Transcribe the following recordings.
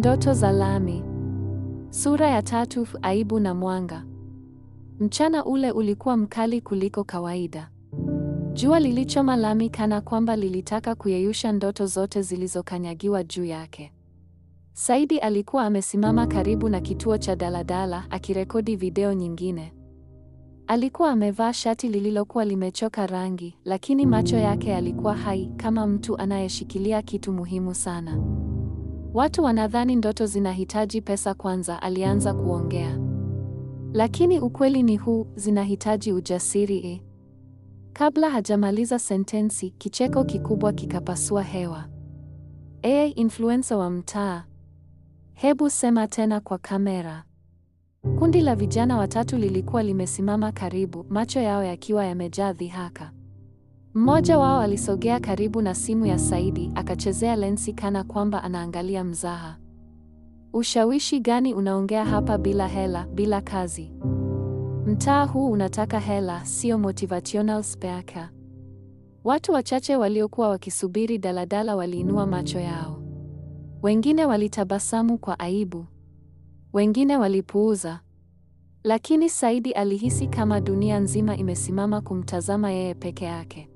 Ndoto za Lami. Sura ya tatu: aibu na mwanga. Mchana ule ulikuwa mkali kuliko kawaida. Jua lilichoma Lami kana kwamba lilitaka kuyeyusha ndoto zote zilizokanyagiwa juu yake. Saidi alikuwa amesimama karibu na kituo cha daladala akirekodi video nyingine. Alikuwa amevaa shati lililokuwa limechoka rangi, lakini macho yake yalikuwa hai kama mtu anayeshikilia kitu muhimu sana. Watu wanadhani ndoto zinahitaji pesa kwanza, alianza kuongea. Lakini ukweli ni huu, zinahitaji ujasiri e. Kabla hajamaliza sentensi, kicheko kikubwa kikapasua hewa. Ee influencer wa mtaa, hebu sema tena kwa kamera. Kundi la vijana watatu lilikuwa limesimama karibu, macho yao yakiwa yamejaa dhihaka. Mmoja wao alisogea karibu na simu ya Saidi akachezea lensi kana kwamba anaangalia mzaha. Ushawishi gani unaongea hapa bila hela, bila kazi? Mtaa huu unataka hela, sio motivational speaker. Watu wachache waliokuwa wakisubiri daladala waliinua macho yao. Wengine walitabasamu kwa aibu. Wengine walipuuza. Lakini Saidi alihisi kama dunia nzima imesimama kumtazama yeye peke yake.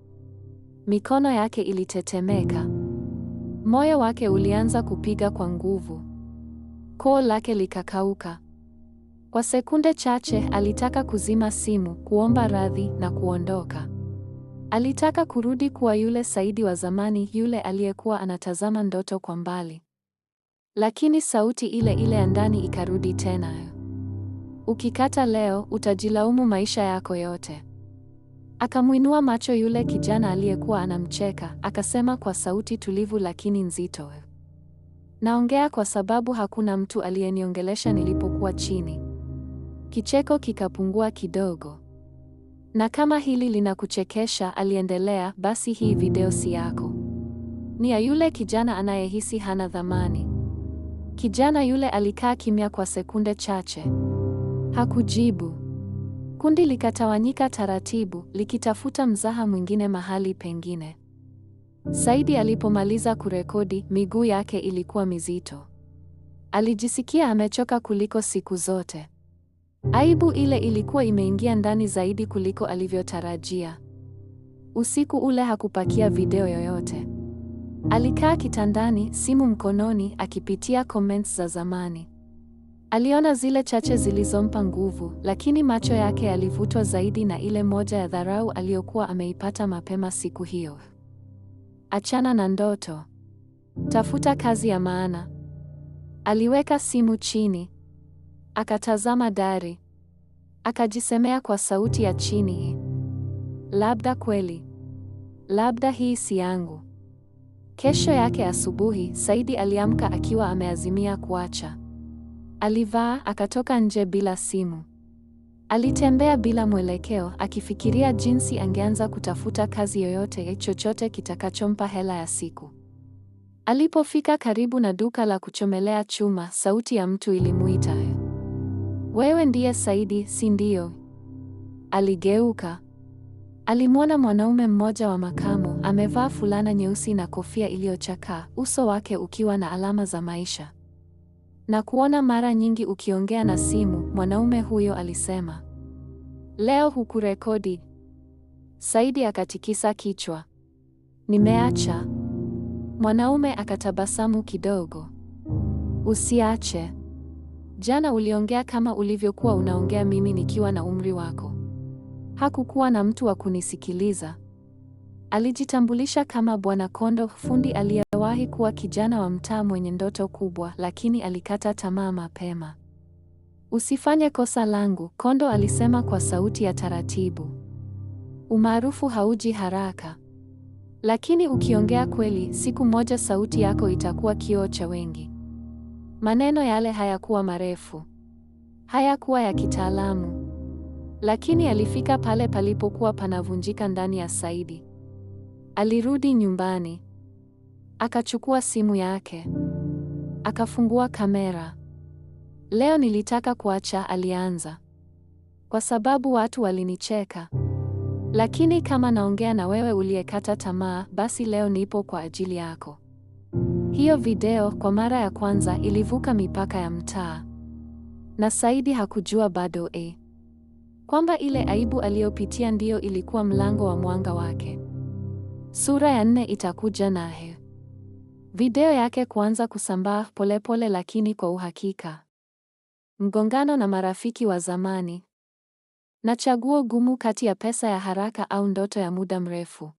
Mikono yake ilitetemeka. Moyo wake ulianza kupiga kwa nguvu. Koo lake likakauka. Kwa sekunde chache alitaka kuzima simu, kuomba radhi na kuondoka. Alitaka kurudi kuwa yule Saidi wa zamani, yule aliyekuwa anatazama ndoto kwa mbali. Lakini sauti ile ile ya ndani ikarudi tena. Ukikata leo, utajilaumu maisha yako yote. Akamwinua macho yule kijana aliyekuwa anamcheka, akasema kwa sauti tulivu lakini nzito, naongea kwa sababu hakuna mtu aliyeniongelesha nilipokuwa chini. Kicheko kikapungua kidogo. Na kama hili linakuchekesha, aliendelea, basi hii video si yako, ni ya yule kijana anayehisi hana dhamani. Kijana yule alikaa kimya kwa sekunde chache, hakujibu. Kundi likatawanyika taratibu, likitafuta mzaha mwingine mahali pengine. Saidi alipomaliza kurekodi, miguu yake ilikuwa mizito. Alijisikia amechoka kuliko siku zote. Aibu ile ilikuwa imeingia ndani zaidi kuliko alivyotarajia. Usiku ule hakupakia video yoyote. Alikaa kitandani, simu mkononi, akipitia comments za zamani. Aliona zile chache zilizompa nguvu, lakini macho yake yalivutwa zaidi na ile moja ya dharau aliyokuwa ameipata mapema siku hiyo. Achana na ndoto, tafuta kazi ya maana. Aliweka simu chini, akatazama dari, akajisemea kwa sauti ya chini, labda kweli, labda hii si yangu. Kesho yake asubuhi, Saidi aliamka akiwa ameazimia kuacha Alivaa akatoka nje bila simu. Alitembea bila mwelekeo akifikiria jinsi angeanza kutafuta kazi yoyote, chochote kitakachompa hela ya siku. Alipofika karibu na duka la kuchomelea chuma, sauti ya mtu ilimuita. Wewe ndiye Saidi, si ndio? Aligeuka. Alimwona mwanaume mmoja wa makamo, amevaa fulana nyeusi na kofia iliyochakaa, uso wake ukiwa na alama za maisha na kuona mara nyingi ukiongea na simu, mwanaume huyo alisema. Leo hukurekodi? Saidi akatikisa kichwa. Nimeacha. Mwanaume akatabasamu kidogo. Usiache. Jana uliongea kama ulivyokuwa unaongea mimi nikiwa na umri wako. Hakukuwa na mtu wa kunisikiliza. Alijitambulisha kama Bwana Kondo, fundi aliyewahi kuwa kijana wa mtaa mwenye ndoto kubwa, lakini alikata tamaa mapema. Usifanye kosa langu, Kondo alisema kwa sauti ya taratibu. Umaarufu hauji haraka. Lakini ukiongea kweli, siku moja sauti yako itakuwa kioo cha wengi. Maneno yale hayakuwa marefu. Hayakuwa ya kitaalamu. Lakini alifika pale palipokuwa panavunjika ndani ya Saidi. Alirudi nyumbani, akachukua simu yake, akafungua kamera. Leo nilitaka kuacha, alianza, kwa sababu watu walinicheka, lakini kama naongea na wewe uliyekata tamaa, basi leo nipo kwa ajili yako. Hiyo video kwa mara ya kwanza ilivuka mipaka ya mtaa, na Saidi hakujua bado e, kwamba ile aibu aliyopitia ndiyo ilikuwa mlango wa mwanga wake. Sura ya nne itakuja naye Video yake kuanza kusambaa polepole lakini kwa uhakika. Mgongano na marafiki wa zamani. Na chaguo gumu kati ya pesa ya haraka au ndoto ya muda mrefu.